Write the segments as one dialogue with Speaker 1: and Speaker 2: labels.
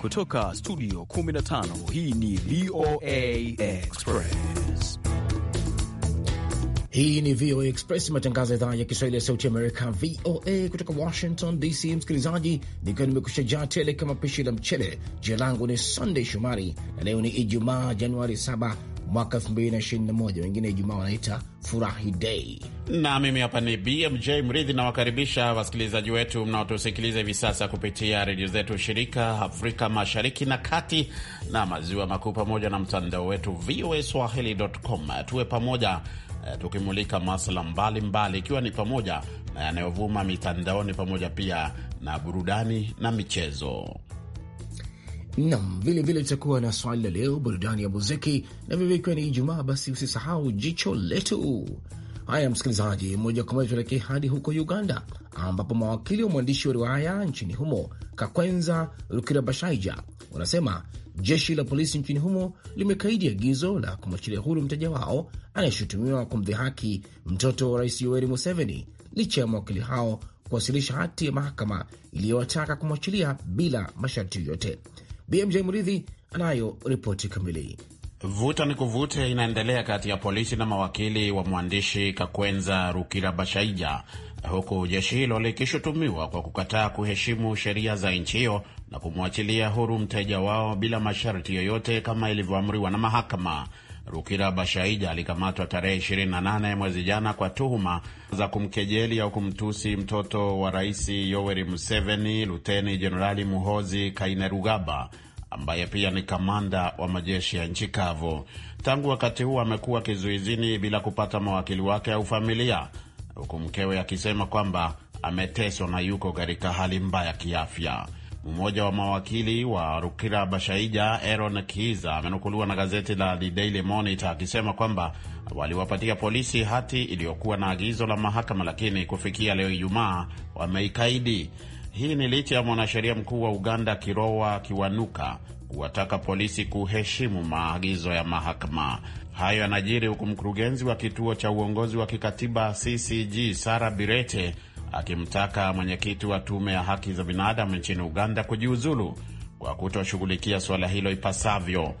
Speaker 1: Kutoka studio 15 hii ni VOA
Speaker 2: Express. Hii ni VOA Express, matangazo ya idhaa ya Kiswahili ya sauti Amerika, VOA kutoka Washington DC. Msikilizaji, nikiwa nimekusha jaa tele kama pishi la mchele. Jina langu ni Sunday Shomari na leo ni Ijumaa, Januari 7 mwaka 2021, wengine Ijumaa wanaita furahi dei.
Speaker 1: Na mimi hapa ni BMJ Mridhi, nawakaribisha wasikilizaji wetu mnaotusikiliza hivi sasa kupitia redio zetu shirika Afrika Mashariki na Kati na Maziwa Makuu, pamoja na mtandao wetu VOA Swahili.com. Tuwe pamoja eh, tukimulika masuala mbalimbali, ikiwa ni pamoja na yanayovuma mitandaoni, pamoja pia na burudani na michezo.
Speaker 2: Nam, vile vile tutakuwa na swali la leo, burudani ya muziki, na vivyo ikiwa ni Ijumaa, basi usisahau jicho letu. Haya msikilizaji, moja kwa moja tuelekee hadi huko Uganda, ambapo mawakili wa mwandishi wa riwaya nchini humo Kakwenza Rukirabashaija wanasema jeshi la polisi nchini humo limekaidi agizo la kumwachilia huru mteja wao anayeshutumiwa kumdhihaki mtoto wa rais Yoweri Museveni licha ya mawakili hao kuwasilisha hati ya mahakama iliyowataka kumwachilia bila masharti yoyote. BMJ Mridhi anayo ripoti kamili.
Speaker 1: Vuta ni kuvute inaendelea kati ya polisi na mawakili wa mwandishi Kakwenza Rukira Bashaija, huku jeshi hilo likishutumiwa kwa kukataa kuheshimu sheria za nchi hiyo na kumwachilia huru mteja wao bila masharti yoyote kama ilivyoamriwa na mahakama. Rukira Bashaija alikamatwa tarehe 28 mwezi jana kwa tuhuma za kumkejeli au kumtusi mtoto wa Rais Yoweri Museveni, Luteni Jenerali Muhozi Kainerugaba ambaye pia ni kamanda wa majeshi ya nchi kavu. Tangu wakati huo amekuwa kizuizini bila kupata mawakili wake au familia, huku mkewe akisema kwamba ameteswa na yuko katika hali mbaya kiafya. Mmoja wa mawakili wa Rukira Bashaija, Aaron Kiza, amenukuliwa na gazeti la The Daily Monitor akisema kwamba waliwapatia polisi hati iliyokuwa na agizo la mahakama, lakini kufikia leo Ijumaa wameikaidi. Hii ni licha ya mwanasheria mkuu wa Uganda Kirowa Kiwanuka kuwataka polisi kuheshimu maagizo ya mahakama. Hayo yanajiri huku mkurugenzi wa kituo cha uongozi wa kikatiba CCG Sara Birete akimtaka mwenyekiti wa tume ya haki za binadamu nchini Uganda kujiuzulu kwa kutoshughulikia suala hilo ipasavyo.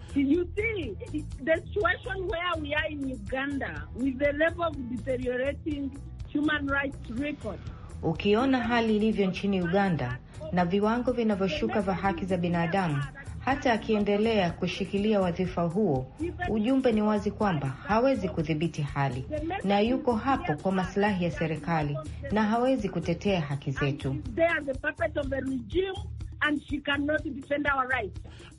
Speaker 3: Ukiona hali ilivyo nchini Uganda na viwango vinavyoshuka vya haki za binadamu, hata akiendelea kushikilia wadhifa huo, ujumbe ni wazi kwamba hawezi kudhibiti hali na yuko hapo kwa masilahi ya serikali na hawezi kutetea haki zetu.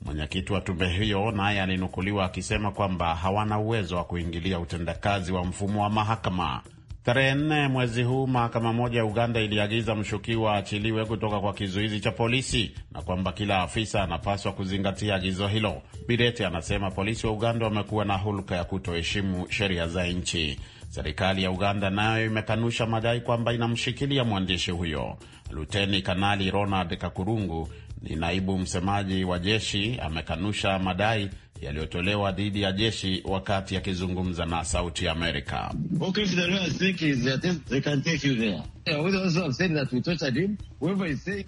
Speaker 1: Mwenyekiti wa tume hiyo naye alinukuliwa akisema kwamba hawana uwezo wa kuingilia utendakazi wa mfumo wa mahakama. Tarehe nne mwezi huu mahakama moja ya Uganda iliagiza mshukiwa aachiliwe kutoka kwa kizuizi cha polisi na kwamba kila afisa anapaswa kuzingatia agizo hilo. Birete anasema polisi wa Uganda wamekuwa na hulka ya kutoheshimu sheria za nchi. Serikali ya Uganda nayo imekanusha madai kwamba inamshikilia mwandishi huyo. Luteni Kanali Ronald Kakurungu ni naibu msemaji wa jeshi amekanusha madai yaliyotolewa dhidi ya jeshi wakati akizungumza na Sauti Amerika.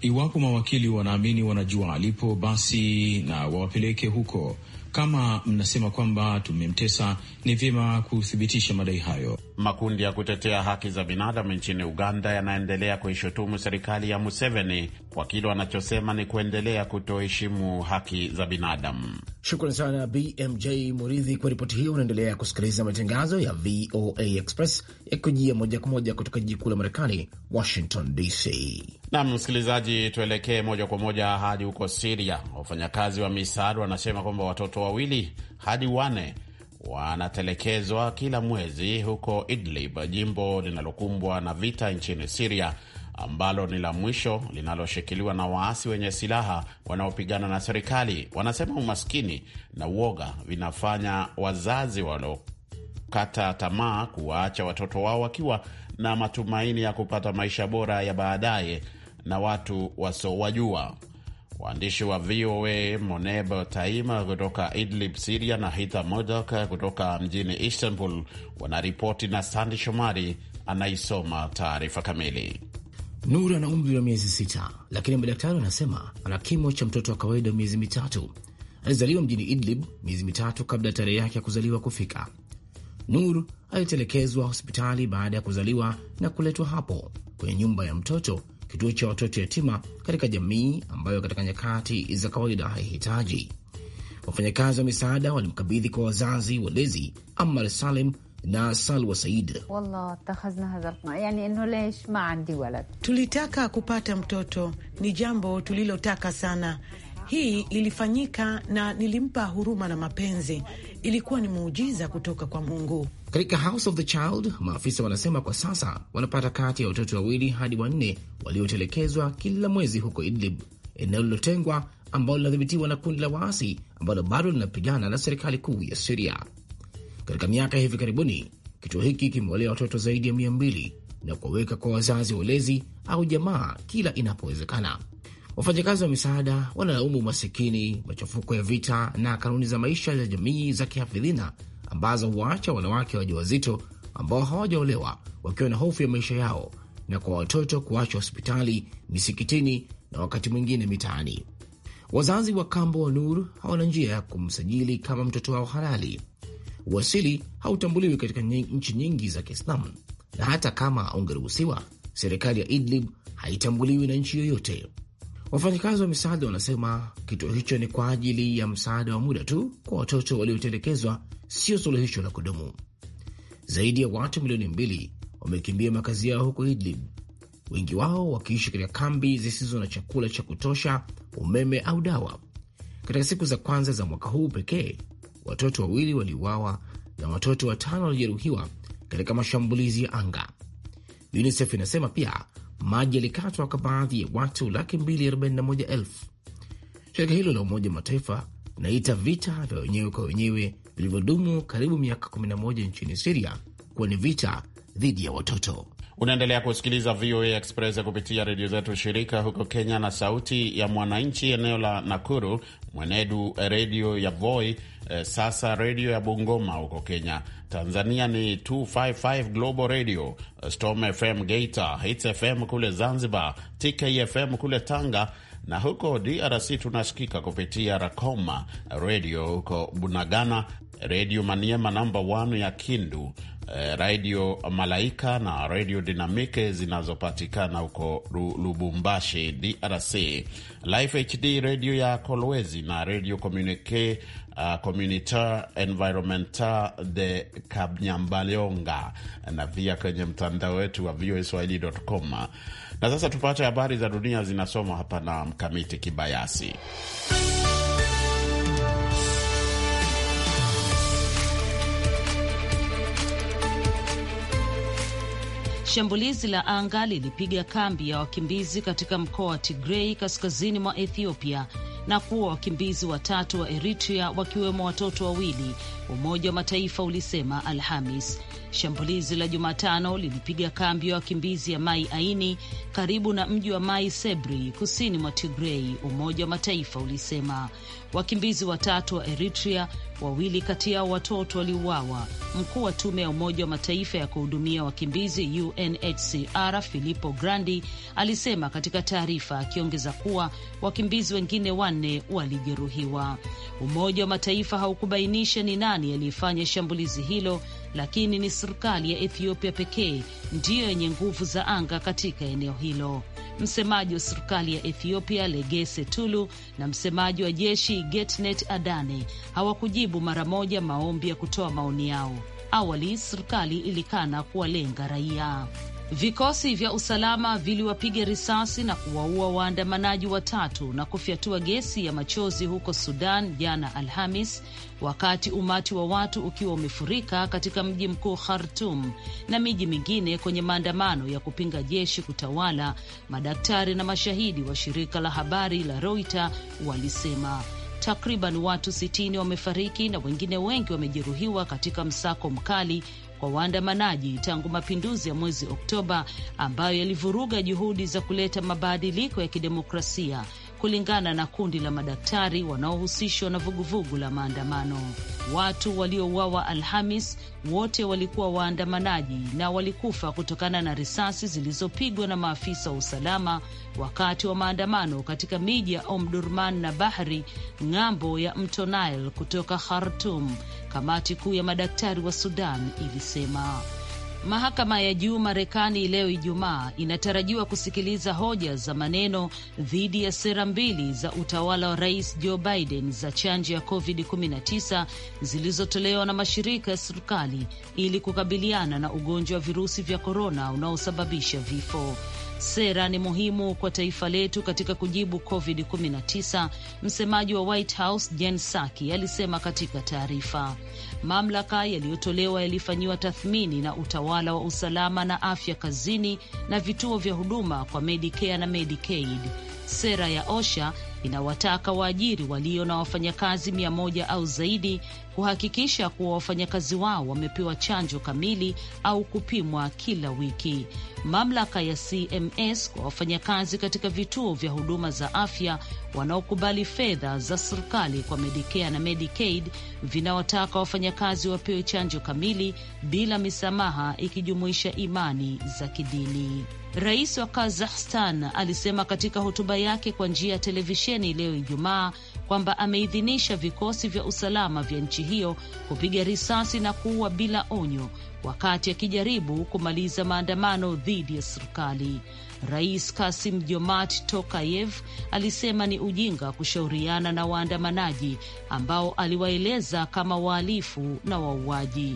Speaker 1: Iwapo mawakili wanaamini wanajua alipo, basi na wawapeleke huko. Kama mnasema kwamba tumemtesa, ni vyema kuthibitisha madai hayo. Makundi ya kutetea haki za binadamu nchini Uganda yanaendelea kuishutumu serikali ya Museveni kwa kile wanachosema ni kuendelea kutoheshimu haki za binadamu.
Speaker 2: Shukran sana BMJ Muridhi kwa ripoti hiyo. Unaendelea kusikiliza matangazo ya VOA Express yakujia moja kwa moja kutoka jiji kuu la Marekani, Washington DC.
Speaker 1: Nam msikilizaji, tuelekee moja kwa moja hadi huko Siria. Wafanyakazi wa misaada wanasema kwamba watoto wawili hadi wane wanatelekezwa kila mwezi huko Idlib, jimbo linalokumbwa na vita nchini Siria ambalo ni la mwisho linaloshikiliwa na waasi wenye silaha wanaopigana na serikali. Wanasema umaskini na uoga vinafanya wazazi waliokata tamaa kuwaacha watoto wao wakiwa na matumaini ya kupata maisha bora ya baadaye na watu wasiowajua. Waandishi wa VOA Moneb Taima kutoka Idlib, Siria na Hitha Modok kutoka mjini Istanbul wanaripoti na Sandi Shomari anaisoma taarifa kamili.
Speaker 2: Nuru ana umri wa miezi sita, lakini madaktari wanasema ana kimo cha mtoto wa kawaida wa miezi mitatu. Alizaliwa mjini Idlib miezi mitatu kabla ya tarehe yake ya kuzaliwa kufika. Nur alitelekezwa hospitali baada ya kuzaliwa na kuletwa hapo kwenye nyumba ya mtoto, kituo cha watoto yatima katika jamii ambayo katika nyakati za kawaida haihitaji. Wafanyakazi wa misaada walimkabidhi kwa wazazi walezi Amar Salem na Salwa Said.
Speaker 4: Tulitaka kupata mtoto, ni jambo tulilotaka sana. Hii ilifanyika na nilimpa huruma na mapenzi. Ilikuwa ni muujiza kutoka kwa Mungu.
Speaker 2: Katika House of the Child, maafisa wanasema kwa sasa wanapata kati ya watoto wawili hadi wanne waliotelekezwa kila mwezi huko Idlib, eneo lilotengwa ambalo linadhibitiwa na kundi la waasi ambalo bado linapigana na serikali kuu ya Siria. Katika miaka ya hivi karibuni, kituo hiki kimewalea watoto zaidi ya mia mbili na kuwaweka kwa wazazi walezi au jamaa kila inapowezekana. Wafanyakazi wa misaada wanalaumu umasikini, machafuko ya vita na kanuni za maisha za jamii za kihafidhina ambazo huwaacha wanawake wajawazito ambao hawajaolewa wakiwa na hofu ya maisha yao, na kwa watoto kuachwa hospitali, misikitini na wakati mwingine mitaani. Wazazi wa kambo wa Nur hawana njia ya kumsajili kama mtoto wao halali, Uasili hautambuliwi katika nchi nyingi za Kiislamu, na hata kama ungeruhusiwa, serikali ya Idlib haitambuliwi na nchi yoyote. Wafanyakazi wa misaada wanasema kituo hicho ni kwa ajili ya msaada wa muda tu kwa watoto waliotelekezwa, sio suluhisho la kudumu. Zaidi ya watu milioni mbili wamekimbia makazi yao huko Idlib, wengi wao wakiishi katika kambi zisizo na chakula cha kutosha, umeme au dawa. Katika siku za kwanza za mwaka huu pekee watoto wawili waliuawa na watoto watano walijeruhiwa katika mashambulizi ya anga. UNICEF inasema pia maji yalikatwa kwa baadhi ya watu laki mbili arobaini na moja elfu. Shirika hilo la Umoja Mataifa linaita vita vya wenyewe kwa wenyewe vilivyodumu karibu miaka 11 nchini Siria kuwa ni vita dhidi ya watoto.
Speaker 1: Unaendelea kusikiliza VOA Express kupitia redio zetu shirika huko Kenya na Sauti ya Mwananchi eneo la Nakuru, Mwenedu redio ya Voi, e, sasa redio ya Bungoma huko Kenya. Tanzania ni 255 Global Radio, eh, Storm FM Geita, Hits FM kule Zanzibar, TKFM kule Tanga na huko DRC tunasikika kupitia Rakoma redio huko Bunagana Redio Maniema namba 1 ya Kindu, eh, Redio Malaika na Redio Dinamike zinazopatikana huko Lubumbashi, DRC, Life HD redio ya Kolwezi na Redio Communique Uh, eh, Communitaire Environmental de Kanyambalonga eh, na pia kwenye mtandao wetu wa voaswahili.com. Na sasa tupate habari za dunia zinasomwa hapa na Mkamiti Kibayasi.
Speaker 4: Shambulizi la anga lilipiga kambi ya wakimbizi katika mkoa wa Tigrei kaskazini mwa Ethiopia na kuwa wakimbizi watatu wa Eritrea wakiwemo watoto wawili, Umoja wa Mataifa ulisema Alhamis. Shambulizi la Jumatano lilipiga kambi ya wakimbizi ya Mai Aini karibu na mji wa Mai Sebri kusini mwa Tigrei, Umoja wa Mataifa ulisema. Wakimbizi watatu wa Eritrea Wawili kati yao watoto waliuawa. Mkuu wa tume ya Umoja wa Mataifa ya kuhudumia wakimbizi UNHCR Filippo Grandi alisema katika taarifa, akiongeza kuwa wakimbizi wengine wanne walijeruhiwa. Umoja wa Mataifa haukubainisha ni nani aliyefanya shambulizi hilo lakini ni serikali ya Ethiopia pekee ndiyo yenye nguvu za anga katika eneo hilo. Msemaji wa serikali ya Ethiopia Legese Tulu na msemaji wa jeshi Getnet Adane hawakujibu mara moja maombi ya kutoa maoni yao. Awali serikali ilikana kuwalenga raia. Vikosi vya usalama viliwapiga risasi na kuwaua waandamanaji watatu na kufyatua gesi ya machozi huko Sudan jana Alhamis, wakati umati wa watu ukiwa umefurika katika mji mkuu Khartum na miji mingine kwenye maandamano ya kupinga jeshi kutawala. Madaktari na mashahidi wa shirika la habari la Reuters walisema takriban watu 60 wamefariki na wengine wengi wamejeruhiwa katika msako mkali kwa waandamanaji tangu mapinduzi ya mwezi Oktoba ambayo yalivuruga juhudi za kuleta mabadiliko ya kidemokrasia kulingana na kundi la madaktari wanaohusishwa na vuguvugu la maandamano. Watu waliouawa Alhamis wote walikuwa waandamanaji na walikufa kutokana na risasi zilizopigwa na maafisa wa usalama wakati wa maandamano katika miji ya Omdurman na Bahri ng'ambo ya mto Nile kutoka Khartum, kamati kuu ya madaktari wa Sudan ilisema. Mahakama ya juu Marekani leo Ijumaa inatarajiwa kusikiliza hoja za maneno dhidi ya sera mbili za utawala wa rais Joe Biden za chanjo ya COVID-19 zilizotolewa na mashirika ya serikali ili kukabiliana na ugonjwa wa virusi vya korona unaosababisha vifo. Sera ni muhimu kwa taifa letu katika kujibu COVID-19, msemaji wa White House Jen Psaki alisema katika taarifa. Mamlaka yaliyotolewa yalifanyiwa tathmini na utawala wa usalama na afya kazini na vituo vya huduma kwa Medicare na Medicaid Sera ya OSHA inawataka waajiri walio na wafanyakazi mia moja au zaidi kuhakikisha kuwa wafanyakazi wao wamepewa chanjo kamili au kupimwa kila wiki. Mamlaka ya CMS kwa wafanyakazi katika vituo vya huduma za afya wanaokubali fedha za serikali kwa Medicare na Medicaid vinawataka wafanyakazi wapewe chanjo kamili bila misamaha, ikijumuisha imani za kidini. Rais wa Kazakhstan alisema katika hotuba yake kwa njia ya televisheni leo Ijumaa kwamba ameidhinisha vikosi vya usalama vya nchi hiyo kupiga risasi na kuua bila onyo wakati akijaribu kumaliza maandamano dhidi ya serikali. Rais Kasim Jomart Tokayev alisema ni ujinga kushauriana na waandamanaji ambao aliwaeleza kama wahalifu na wauaji.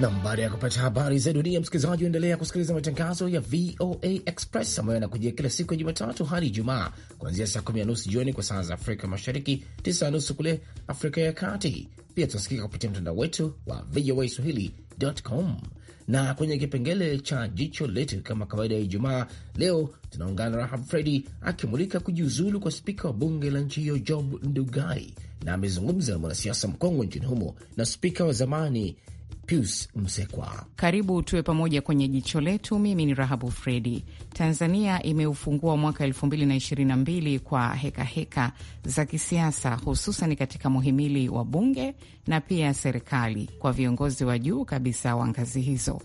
Speaker 2: Nam, baada ya kupata habari za dunia, msikilizaji, unaendelea kusikiliza matangazo ya VOA Express ambayo yanakujia kila siku ya Jumatatu hadi Ijumaa, kuanzia saa kumi na nusu jioni kwa saa za Afrika Mashariki, tisa na nusu kule Afrika ya Kati. Pia tunasikika kupitia mtandao wetu wa VOA Swahili.com na kwenye kipengele cha jicho letu, kama kawaida ya Ijumaa, leo tunaungana na Rahab Fredi akimulika kujiuzulu kwa spika wa bunge la nchi hiyo Job Ndugai na amezungumza na mwanasiasa mkongwe nchini humo na spika wa zamani Pius Msekwa.
Speaker 3: Karibu tuwe pamoja kwenye jicho letu. Mimi ni Rahabu Fredi. Tanzania imeufungua mwaka 2022 kwa hekaheka heka za kisiasa, hususan katika muhimili wa bunge na pia serikali kwa viongozi wa juu kabisa wa ngazi hizo.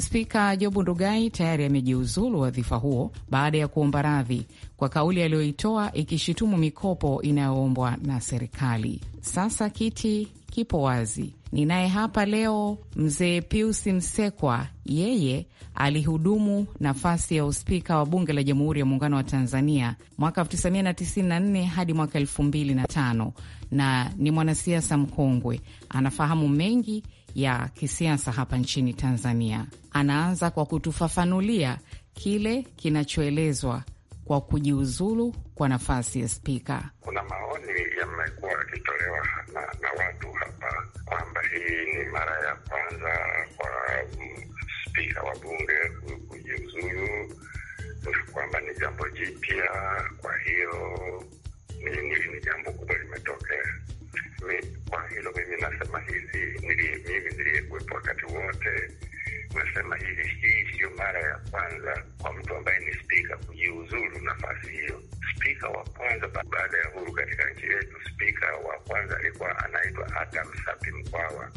Speaker 3: Spika Jobu Ndugai tayari amejiuzulu wadhifa huo baada ya kuomba radhi kwa kauli aliyoitoa ikishutumu mikopo inayoombwa na serikali. Sasa kiti kipo wazi. Ninaye hapa leo mzee Pius Msekwa, yeye alihudumu nafasi ya uspika wa bunge la Jamhuri ya Muungano wa Tanzania mwaka 1994 hadi mwaka 2005 na ni mwanasiasa mkongwe, anafahamu mengi ya kisiasa hapa nchini Tanzania. Anaanza kwa kutufafanulia kile kinachoelezwa kwa kujiuzulu kwa nafasi ya spika.
Speaker 5: Kuna maoni yamekuwa yakitolewa na, na watu hapa kwamba hii ni mara ya kwanza kwa mm, spika wa bunge kujiuzulu, kwamba ni jambo jipya, kwa hiyo ni, ni, ni jambo kubwa limetokea kwa hilo mimi nasema hivi, mimi niliyekuwepo wakati wote nasema hivi, hii siyo mara ya kwanza kwa mtu ambaye ni spika kujiuzuru nafasi hiyo. Spika wa kwanza baada ya huru katika nchi yetu, spika wa kwanza alikuwa anaitwa Adam Sapi Mkwawa,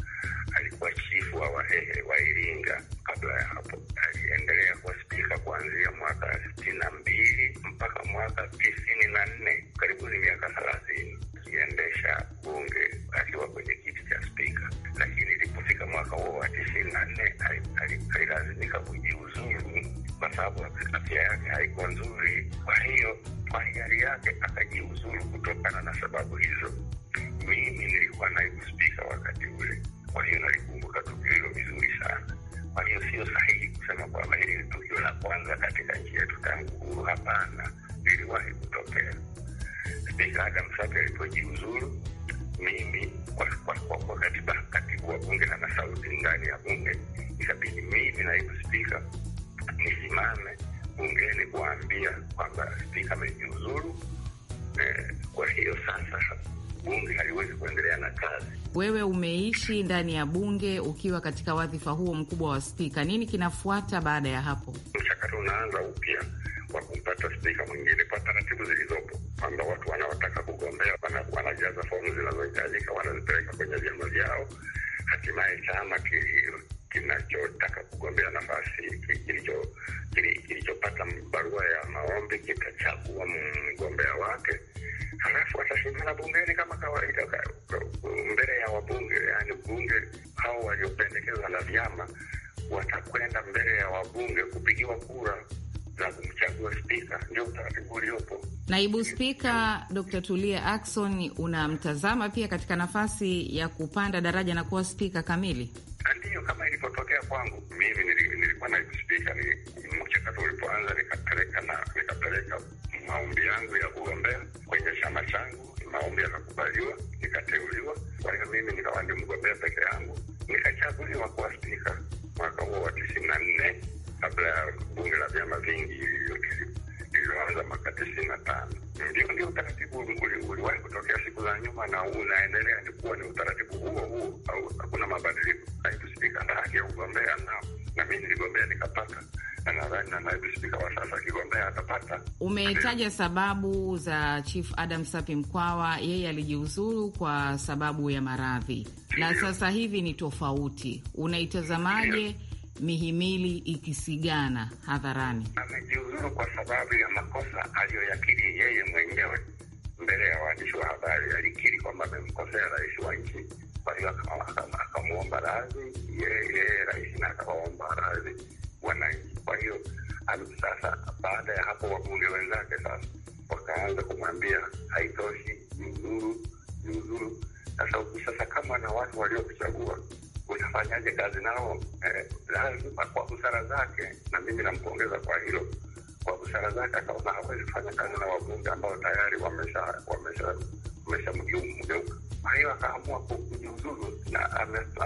Speaker 5: alikuwa chifu wa Wahehe wa Iringa. Kabla ya hapo, aliendelea kuwa spika kuanzia mwaka sitini na mbili mpaka mwaka tisini na nne, karibu ni miaka thelathini kuliendesha bunge akiwa kwenye kiti cha spika, lakini ilipofika mwaka huo wa tisini na nne alilazimika kujiuzuru kwa sababu afya yake haikuwa nzuri. Kwa hiyo kwa hiari yake akajiuzuru kutokana na sababu hizo. kujiuzuru mimi kwa, kwa, kwa, kwa katiba, katibu wa bunge ana sauti ndani ya bunge, ikabidi mimi naibu spika nisimame bungeni kuambia kwamba spika amejiuzuru. Eh, kwa hiyo sasa bunge haliwezi kuendelea na kazi.
Speaker 3: Wewe umeishi ndani ya bunge ukiwa katika wadhifa huo mkubwa wa spika, nini kinafuata baada ya hapo?
Speaker 5: Mchakato unaanza upya wa kumpata spika mwingine kwa taratibu zilizopo kwamba watu wana wanajaza fomu zinazohitajika, wanazipeleka kwenye vyama vyao, hatimaye chama kinachotaka kugombea nafasi kilichopata barua ya maombi kitachagua mgombea wake, halafu watashindana bungeni kama kawaida, mbele ya wabunge. Yani bunge hao waliopendekezwa na vyama watakwenda mbele ya wabunge kupigiwa kura na kumchagua spika, ndio utaratibu uliopo.
Speaker 3: Naibu Spika Dr. Tulia Akson, unamtazama pia katika nafasi ya kupanda daraja na kuwa spika kamili? Ndiyo, kama ilipotokea kwangu mimi, nilikuwa naibu spika.
Speaker 5: Ni mchakato ulipoanza, nikapeleka na nikapeleka maombi yangu ya kugombea kwenye chama changu, maombi yakakubaliwa, nikateuliwa. Kwa hiyo mimi nikawa ndio mgombea peke yangu, nikachaguliwa kuwa spika mwaka huo wa tisini na nne kabla ya bunge la vyama vingi lililoanza mwaka tisini na tano. Ndio, ndio utaratibu uliwahi kutokea siku za nyuma na unaendelea ni kuwa ni utaratibu huo huo, au hakuna mabadiliko. Naibu spika na haki ya kugombea na na mi niligombea nikapata, na nadhani na naibu spika wa sasa akigombea atapata. Umetaja
Speaker 3: sababu za Chief Adam Sapi Mkwawa, yeye alijiuzuru kwa sababu ya maradhi na sasa hivi ni tofauti, unaitazamaje? mihimili ikisigana hadharani.
Speaker 5: Amejiuzuru kwa sababu ya makosa aliyoyakiri yeye mwenyewe mbele ya waandishi wa habari. Alikiri kwamba amemkosea rais wa nchi, kwa hiyo akamwomba radhi yeye rais na akawaomba radhi wananchi. Kwa hiyo sasa, baada ya hapo, wabunge wenzake sasa wakaanza kumwambia haitoshi, jiuzuru, jiuzuru. Sasa sasa, kama na watu waliokuchagua utafanyaje kazi nao eh, lazima kwa busara zake, na mimi nampongeza kwa hilo. Kwa busara zake akaona hawezi kufanya kazi na wabunge ambao tayari wamesha wamesha Kwa hiyo akaamua kujiuzulu na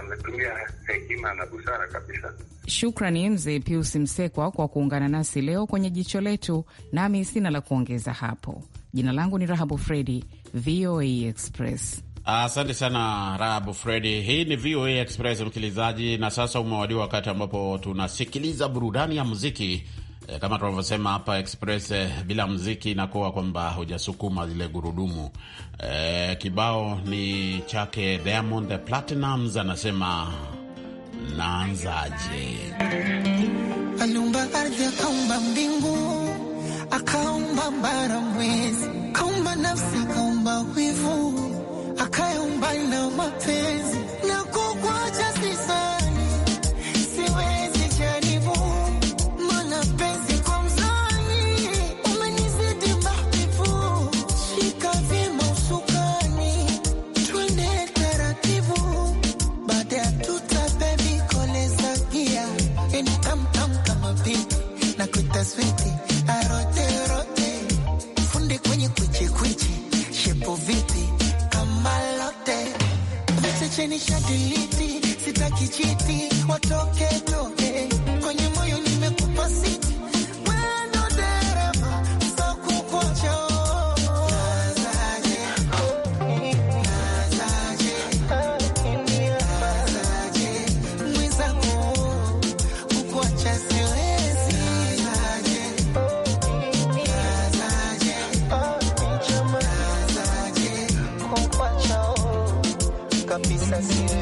Speaker 5: ametumia hekima na busara kabisa.
Speaker 3: Shukrani mzee Pius Msekwa kwa kuungana nasi leo kwenye jicho letu, nami sina la kuongeza hapo. Jina langu ni Rahabu Fredi, VOA Express.
Speaker 1: Asante sana Rahabu Fredi. Hii ni VOA Express msikilizaji, na sasa umewadia wakati ambapo tunasikiliza burudani ya muziki. E, kama tunavyosema hapa Express, eh, bila muziki inakuwa kwamba hujasukuma zile gurudumu. E, kibao ni chake Diamond Platnumz anasema naanzaje.
Speaker 6: Aliumba ardhi akaumba mbingu akaumba bara mwezi nafsi wivu I can't buy no more thing. pisas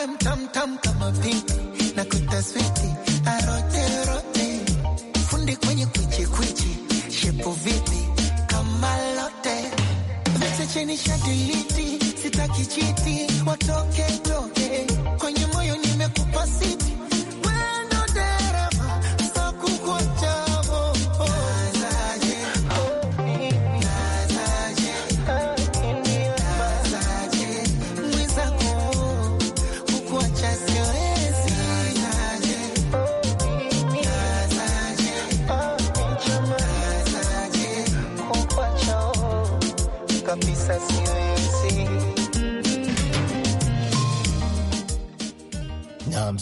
Speaker 6: we mtamtam kama vipi na kutaswiti arote rote fundi kwenye kwichi kwichi shepu vipi kama lote vete cheni shadiliti sitaki chiti watoke toke kwenye moyo nimekupa siti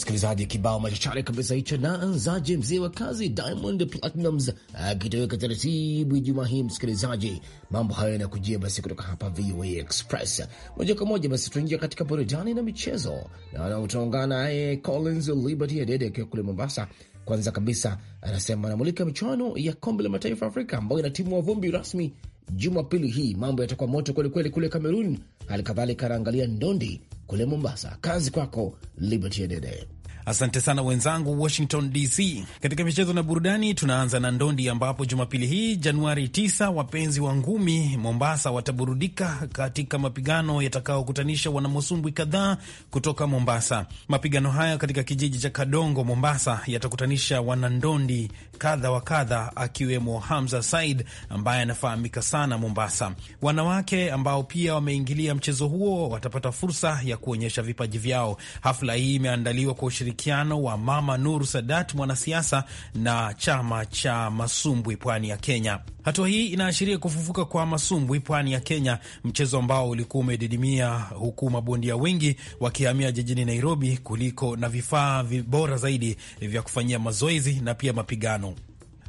Speaker 2: msikilizaji, kibao machachare kabisa hicho na anzaje, mzee wa kazi Diamond Platnumz akitoweka taratibu Ijumaa hii. Msikilizaji, mambo hayo yanakujia basi kutoka hapa VOA Express moja kwa moja. Basi tuingia katika burudani na michezo, naona utaungana naye Collins Liberty Adede akiwa kule Mombasa. Kwanza kabisa anasema anamulika michuano ya kombe la mataifa Afrika ambayo wa vumbi rasmi Jumapili hii mambo yatakuwa moto kwelikweli kule Kamerun. Hali kadhalika anaangalia ndondi kule Mombasa. Kazi kwako Liberty Adede.
Speaker 7: Asante sana wenzangu Washington DC. Katika michezo na burudani, tunaanza na ndondi, ambapo Jumapili hii Januari 9 wapenzi wa ngumi Mombasa wataburudika katika mapigano yatakayokutanisha wanamasumbwi kadhaa kutoka Mombasa. Mapigano haya katika kijiji cha Kadongo, Mombasa, yatakutanisha wanandondi kadha wa kadha, akiwemo Hamza Said ambaye anafahamika sana Mombasa. Wanawake ambao pia wameingilia mchezo huo watapata fursa ya kuonyesha vipaji vyao. Hafla hii imeandaliwa kwa ushiriki ushirikiano wa Mama Nuru Sadat, mwanasiasa na chama cha masumbwi pwani ya Kenya. Hatua hii inaashiria kufufuka kwa masumbwi pwani ya Kenya, mchezo ambao ulikuwa umedidimia, huku mabondia wengi wakihamia jijini Nairobi kuliko na vifaa bora zaidi vya kufanyia mazoezi na pia mapigano.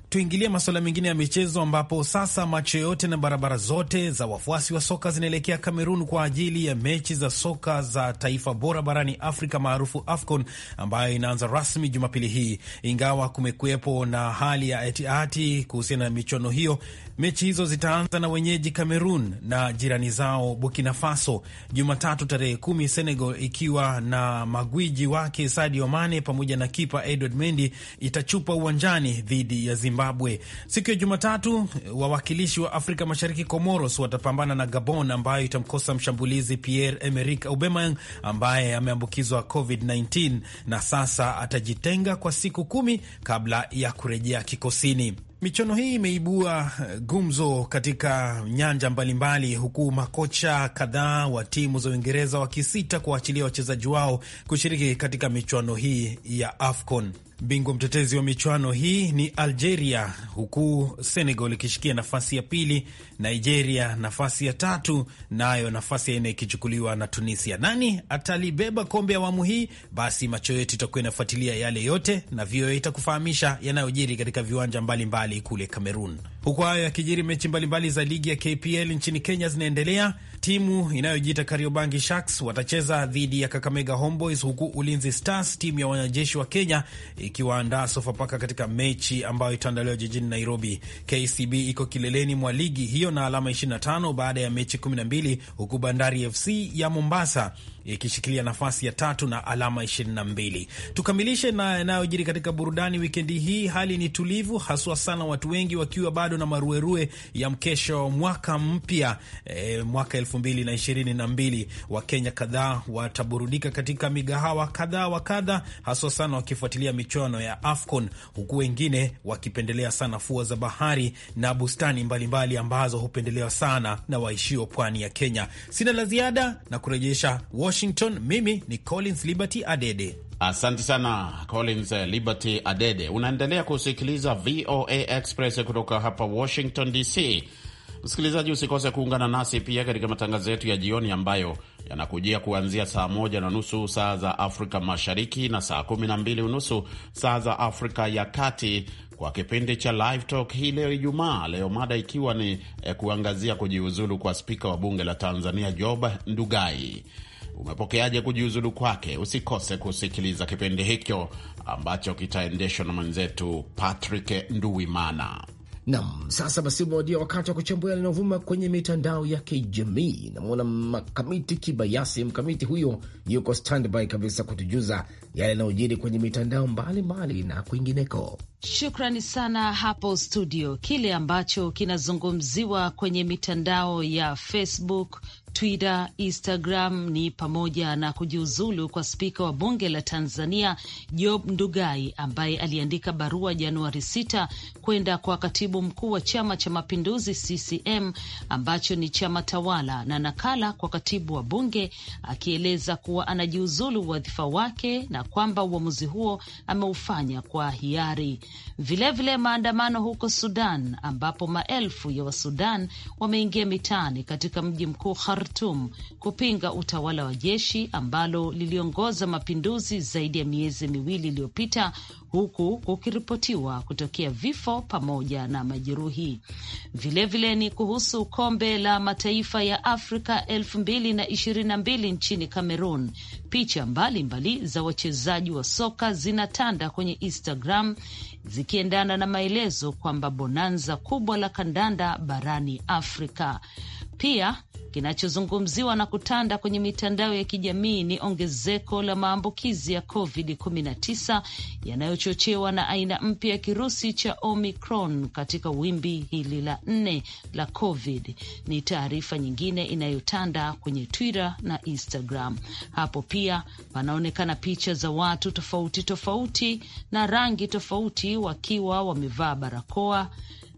Speaker 7: Tuingilie masuala mengine ya michezo ambapo sasa macho yote na barabara zote za wafuasi wa soka zinaelekea Kamerun kwa ajili ya mechi za soka za taifa bora barani Afrika maarufu AFCON ambayo inaanza rasmi Jumapili hii. Ingawa kumekuwepo na hali ya etiati kuhusiana na michuano hiyo, Mechi hizo zitaanza na wenyeji Cameroon na jirani zao Burkina Faso Jumatatu tarehe kumi, Senegal ikiwa na magwiji wake Sadio Mane pamoja na kipa Edward Mendy itachupa uwanjani dhidi ya Zimbabwe. Siku ya Jumatatu, wawakilishi wa Afrika Mashariki Comoros watapambana na Gabon ambayo itamkosa mshambulizi Pierre Emerick Aubameyang ambaye ameambukizwa COVID-19 na sasa atajitenga kwa siku kumi kabla ya kurejea kikosini. Michuano hii imeibua eh, gumzo katika nyanja mbalimbali mbali, huku makocha kadhaa wa timu za Uingereza wakisita kuwaachilia wachezaji wao kushiriki katika michuano hii ya AFCON. Bingwa mtetezi wa michuano hii ni Algeria, huku Senegal ikishikia nafasi ya pili, Nigeria nafasi ya tatu, nayo na nafasi ya nne ikichukuliwa na Tunisia. Nani atalibeba kombe awamu hii? Basi macho yetu itakuwa inafuatilia yale yote, na VOA itakufahamisha yanayojiri katika viwanja mbalimbali mbali kule cameron Huku hayo yakijiri, mechi mbalimbali mbali za ligi ya KPL nchini Kenya zinaendelea Timu inayojiita Kariobangi Sharks watacheza dhidi ya Kakamega Homeboys, huku Ulinzi Stars, timu ya wanajeshi wa Kenya, ikiwaandaa Sofapaka katika mechi ambayo itaandaliwa jijini Nairobi. KCB iko kileleni mwa ligi hiyo na alama 25 baada ya mechi 12, huku Bandari FC ya Mombasa ikishikilia nafasi ya tatu na alama 22. Tukamilishe na yanayojiri katika burudani wikendi hii. Hali ni tulivu haswa sana, watu wengi wakiwa bado na maruerue ya mkesho mwaka mpya e, mwaka 2022. Wakenya kadhaa wataburudika katika migahawa kadhaa wa kadha, haswa sana wakifuatilia michuano ya AFCON, huku wengine wakipendelea sana fua za bahari na bustani mbalimbali mbali ambazo hupendelewa sana na waishio pwani ya Kenya. Sina la ziada na
Speaker 1: kurejesha Washington Washington, mimi ni Collins Liberty Adede. Asante sana Collins eh, Liberty Adede. Unaendelea kusikiliza VOA Express kutoka hapa Washington DC. Msikilizaji, usikose kuungana nasi pia katika matangazo yetu ya jioni ambayo yanakujia kuanzia saa moja na nusu saa za Afrika Mashariki na saa kumi na mbili unusu saa za Afrika ya Kati kwa kipindi cha Live Talk hii leo Ijumaa, leo mada ikiwa ni eh, kuangazia kujiuzulu kwa spika wa bunge la Tanzania Job Ndugai. Umepokeaje kujiuzulu kwake? Usikose kusikiliza kipindi hicho ambacho kitaendeshwa na mwenzetu Patrick Nduwimana.
Speaker 2: Nam, sasa basi umewadia wakati wa kuchambua yanayovuma kwenye mitandao ya kijamii. Namwona Mkamiti Kibayasi. Mkamiti huyo yuko standby kabisa kutujuza yale yanayojiri kwenye mitandao mbalimbali na kwingineko.
Speaker 4: Shukrani sana hapo studio. Kile ambacho kinazungumziwa kwenye mitandao ya Facebook, Twitter, Instagram ni pamoja na kujiuzulu kwa spika wa bunge la Tanzania Job Ndugai ambaye aliandika barua Januari 6 kwenda kwa katibu mkuu wa Chama cha Mapinduzi CCM ambacho ni chama tawala na nakala kwa katibu wa bunge akieleza kuwa anajiuzulu wadhifa wake na kwamba uamuzi huo ameufanya kwa hiari. Vilevile maandamano huko Sudan ambapo maelfu ya Wasudan wameingia mitaani katika mji mkuu Khartum kupinga utawala wa jeshi ambalo liliongoza mapinduzi zaidi ya miezi miwili iliyopita huku kukiripotiwa kutokea vifo pamoja na majeruhi. Vilevile ni kuhusu kombe la mataifa ya Afrika elfu mbili na ishirini na mbili nchini Cameroon. Picha mbalimbali mbali za wachezaji wa soka zinatanda kwenye Instagram zikiendana na maelezo kwamba bonanza kubwa la kandanda barani Afrika. Pia kinachozungumziwa na kutanda kwenye mitandao ya kijamii ni ongezeko la maambukizi ya COVID-19 yanayochochewa na aina mpya ya kirusi cha Omicron katika wimbi hili la nne la COVID. Ni taarifa nyingine inayotanda kwenye Twitter na Instagram. Hapo pia panaonekana picha za watu tofauti tofauti na rangi tofauti wakiwa wamevaa barakoa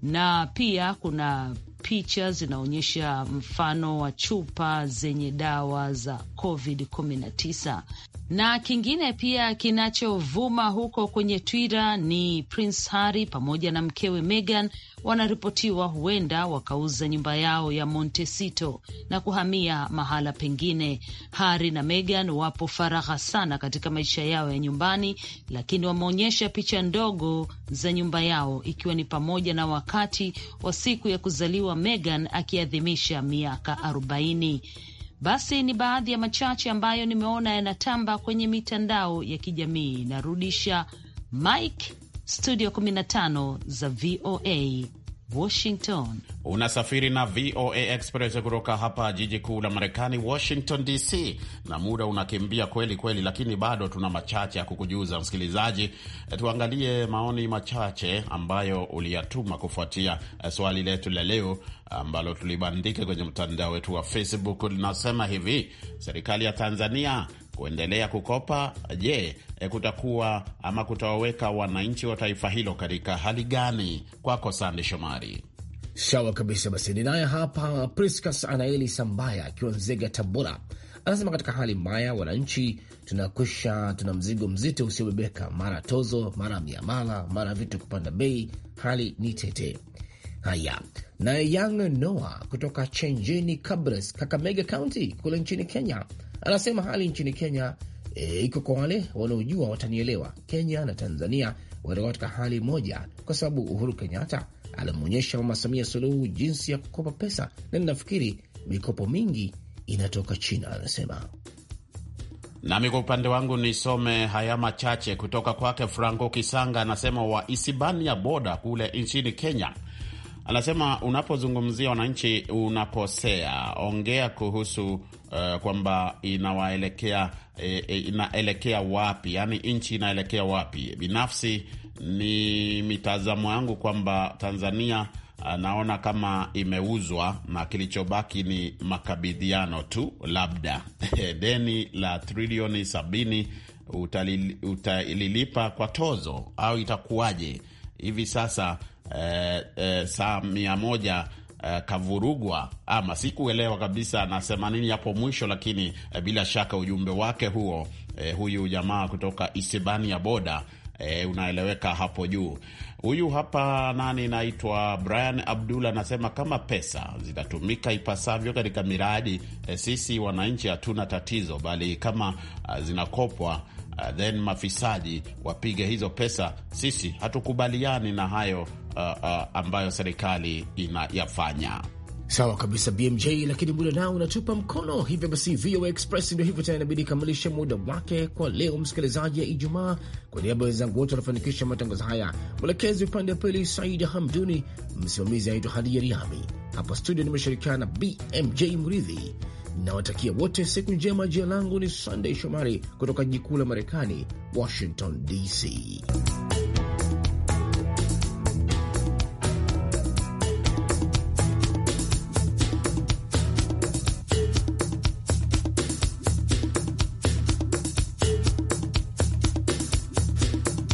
Speaker 4: na pia kuna picha zinaonyesha mfano wa chupa zenye dawa za COVID 19. Na kingine pia kinachovuma huko kwenye Twitter ni Prince Harry pamoja na mkewe Meghan wanaripotiwa huenda wakauza nyumba yao ya Montecito na kuhamia mahala pengine. Harry na Meghan wapo faragha sana katika maisha yao ya nyumbani, lakini wameonyesha picha ndogo za nyumba yao, ikiwa ni pamoja na wakati wa siku ya kuzaliwa Meghan akiadhimisha miaka arobaini. Basi ni baadhi ya machache ambayo nimeona yanatamba kwenye mitandao ya kijamii. Narudisha Mike studio 15 za VOA Washington.
Speaker 1: Unasafiri na VOA Express kutoka hapa jiji kuu la Marekani, Washington DC, na muda unakimbia kweli kweli, lakini bado tuna machache ya kukujuza msikilizaji. Eh, tuangalie maoni machache ambayo uliyatuma kufuatia eh, swali letu la leo ambalo tulibandika kwenye mtandao wetu wa Facebook. Linasema hivi: serikali ya Tanzania kuendelea kukopa, je, eh, kutakuwa ama kutawaweka wananchi wa taifa hilo katika hali gani? Kwako Sande Shomari.
Speaker 2: shawa kabisa. Basi naye hapa Priscas Anaeli Sambaya akiwa Nzega, Tabora, anasema katika hali mbaya wananchi tunakwisha, tuna mzigo mzito usiobebeka, mara tozo, mara miamala, mara vitu kupanda bei, hali ni tete. Haya, naye Young Noa kutoka Chenjeni, Kabres, Kakamega County kule nchini Kenya Anasema hali nchini Kenya e, iko kwa wale wanaojua watanielewa. Kenya na Tanzania watakuwa katika hali moja, kwa sababu Uhuru Kenyatta alimwonyesha Mama Samia Suluhu jinsi ya kukopa pesa, na ninafikiri mikopo mingi inatoka China, anasema.
Speaker 1: Nami kwa upande wangu nisome haya machache kutoka kwake. Franco Kisanga anasema wa Isibania boda kule nchini Kenya anasema unapozungumzia wananchi unaposea, ongea kuhusu uh, kwamba inawaelekea e, e, inaelekea wapi, yani nchi inaelekea wapi. Binafsi ni mitazamo yangu kwamba Tanzania naona kama imeuzwa na kilichobaki ni makabidhiano tu, labda deni la trilioni sabini utalilipa kwa tozo au itakuwaje? Hivi sasa eh, eh, saa mia moja eh, kavurugwa ama sikuelewa kabisa anasema nini hapo mwisho, lakini eh, bila shaka ujumbe wake huo eh, huyu jamaa kutoka Isebania boda E, eh, unaeleweka hapo juu. Huyu hapa nani, naitwa Brian Abdullah, anasema kama pesa zitatumika ipasavyo katika miradi e, sisi wananchi hatuna tatizo, bali kama a, ah, zinakopwa a, ah, then mafisadi wapige hizo pesa. Sisi hatukubaliani na hayo uh, uh, ambayo serikali inayafanya.
Speaker 2: Sawa kabisa BMJ, lakini muda nao unatupa mkono. Hivyo basi, VOA Express ndio hivyo tena, inabidi ikamilishe muda wake kwa leo, msikilizaji, ya Ijumaa. Kwa niaba ya wenzangu wote wanafanikisha matangazo haya, mwelekezi upande wa pili Saida Hamduni, msimamizi anaitwa Hadija Riami. Hapa studio nimeshirikiana na BMJ Mridhi, nawatakia wote siku njema. Jina langu ni sandey Shomari kutoka jiji kuu la Marekani, Washington DC.